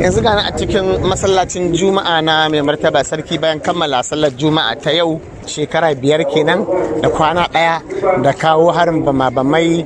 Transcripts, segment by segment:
yanzu gani a cikin masallacin juma'a na mai martaba sarki bayan kammala sallar juma'a ta yau shekara biyar kenan da kwana ɗaya da kawo harin bama-bamai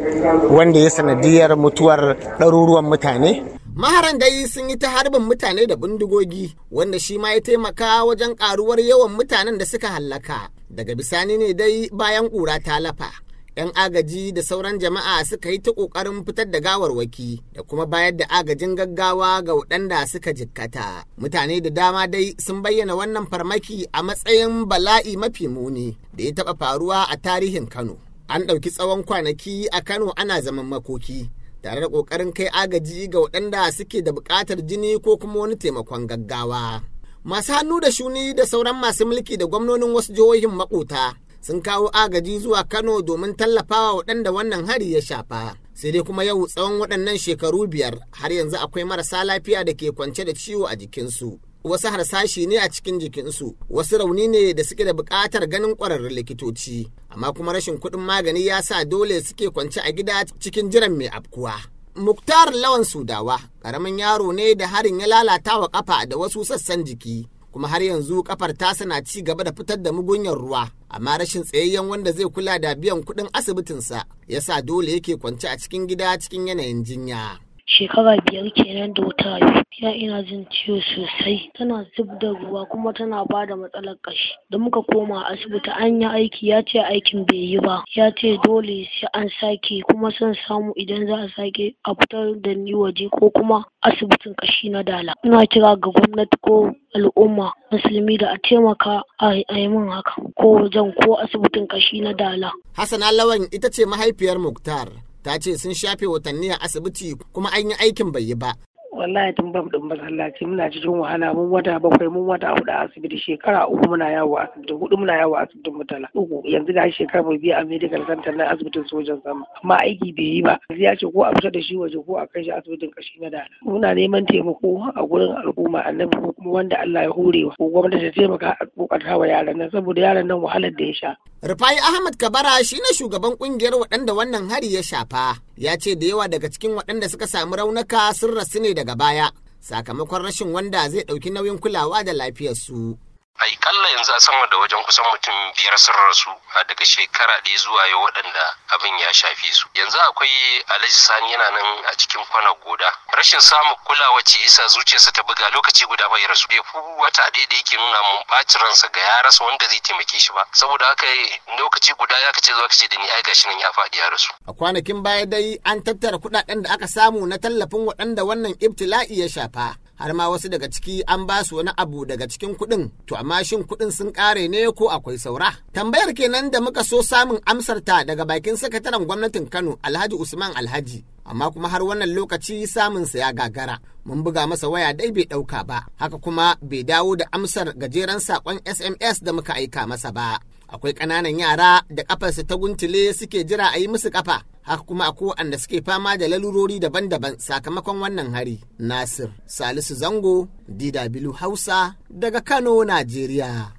wanda ya sanadiyar mutuwar ɗaruruwan mutane maharan dai sun yi ta harbin mutane da bindigogi wanda shi ma ya taimaka wajen ƙaruwar yawan mutanen da suka hallaka daga bisani ne dai bayan ƙura ta lafa 'yan agaji da sauran jama'a suka yi ta ƙoƙarin fitar da gawarwaki da kuma bayar da agajin gaggawa ga waɗanda suka jikkata. Mutane da dama dai sun bayyana wannan farmaki a matsayin bala'i mafi muni da ya taɓa faruwa a tarihin Kano. An ɗauki tsawon kwanaki a Kano ana zaman makoki. tare da ƙoƙarin kai agaji ga waɗanda suke da buƙatar jini ko kuma wani taimakon gaggawa. Masu hannu da shuni da sauran masu mulki da gwamnonin wasu jihohin maƙota sun kawo agaji zuwa Kano domin tallafawa waɗanda wannan hari ya shafa. Sai dai kuma yau tsawon waɗannan shekaru biyar har yanzu akwai marasa lafiya da ke kwance da ciwo a jikinsu. Wasu harsashi ne a cikin jikinsu, wasu rauni ne da suke da buƙatar ganin ƙwararrun likitoci, amma kuma rashin kuɗin magani ya sa dole suke kwance a gida cikin jiran mai afkuwa. Muktar Lawan Sudawa, ƙaramin yaro ne da harin ya lalata wa ƙafa da wasu sassan jiki, kuma har yanzu kafar tasa na ci gaba da fitar da mugunyar ruwa amma rashin tsayayyen wanda zai kula da biyan kuɗin asibitinsa yasa dole yake kwance a cikin gida cikin yanayin jinya Shekara biyar kenan da wata biyu. ina jin ciwo sosai, tana zub da ruwa kuma tana ba da matsalar ƙashi. Da muka koma asibiti an yi aiki ya ce aikin bai yi ba, Ya ce dole sai an sake kuma son samu idan za a sake a fitar da ni waje ko kuma asibitin ƙashi na Dala. Ina kira ga gwamnati ko al'umma musulmi da a taimaka a yi min haka ko wajen ko asibitin ƙashi na Dala. Hassana Lawan ita ce mahaifiyar Muktar. ta ce sun shafe watanni a asibiti kuma an yi aikin bai yi ba wallahi tun bam din masallaci muna cikin wahala mun wata bakwai mun wata hudu a asibiti shekara uku muna yawo asibiti hudu muna yawo asibitin mutala uku yanzu ga shekara mai biya a medical center na asibitin sojan sama amma aiki bai yi ba ya ce ko a fita da shi waje ko a kai shi asibitin kashi na da muna neman taimako a gurin al'umma annabi ko kuma wanda Allah ya horewa ko gwamnati ta taimaka a kokata wa yaran nan saboda yaran nan wahalar da ya sha Rufai Ahmad Kabara shi ne shugaban kungiyar waɗanda wannan hari ya shafa, ya ce da yawa daga cikin waɗanda suka samu raunuka sun rasu ne daga baya, sakamakon rashin wanda zai ɗauki nauyin kulawa da lafiyarsu. ai kalla yanzu a sama da wajen kusan mutum biyar sun rasu a daga shekara ɗaya zuwa yau waɗanda abin ya shafe su yanzu akwai alhaji sani yana nan a cikin kwana goda rashin samun kulawa ce isa zuciyarsa ta buga lokaci guda bai rasu bai fi wata ɗaya da yake nuna mun ɓacin ransa ga ya rasa wanda zai taimake shi ba saboda haka lokaci guda ya kace zuwa kace da ni ai gashi nan ya faɗi ya rasu a kwanakin baya dai an tattara kuɗaɗen da aka samu na tallafin waɗanda wannan ibtila'i ya shafa har ma wasu daga ciki an ba su wani abu daga cikin kuɗin to amma shin kuɗin sun ƙare ne ko akwai saura tambayar kenan da muka so samun amsar ta daga bakin sakataren gwamnatin Kano Alhaji Usman Alhaji amma kuma har wannan lokaci samun sa ya gagara mun buga masa waya dai bai ɗauka ba haka kuma bai dawo da amsar gajeren saƙon SMS da muka aika masa ba akwai ƙananan yara da ƙafarsa ta guntule suke jira a yi musu ƙafa haka kuma a kowanne suke fama da lalurori daban-daban sakamakon wannan hari. Nasir Salisu Zango, DW Hausa daga Kano, Najeriya.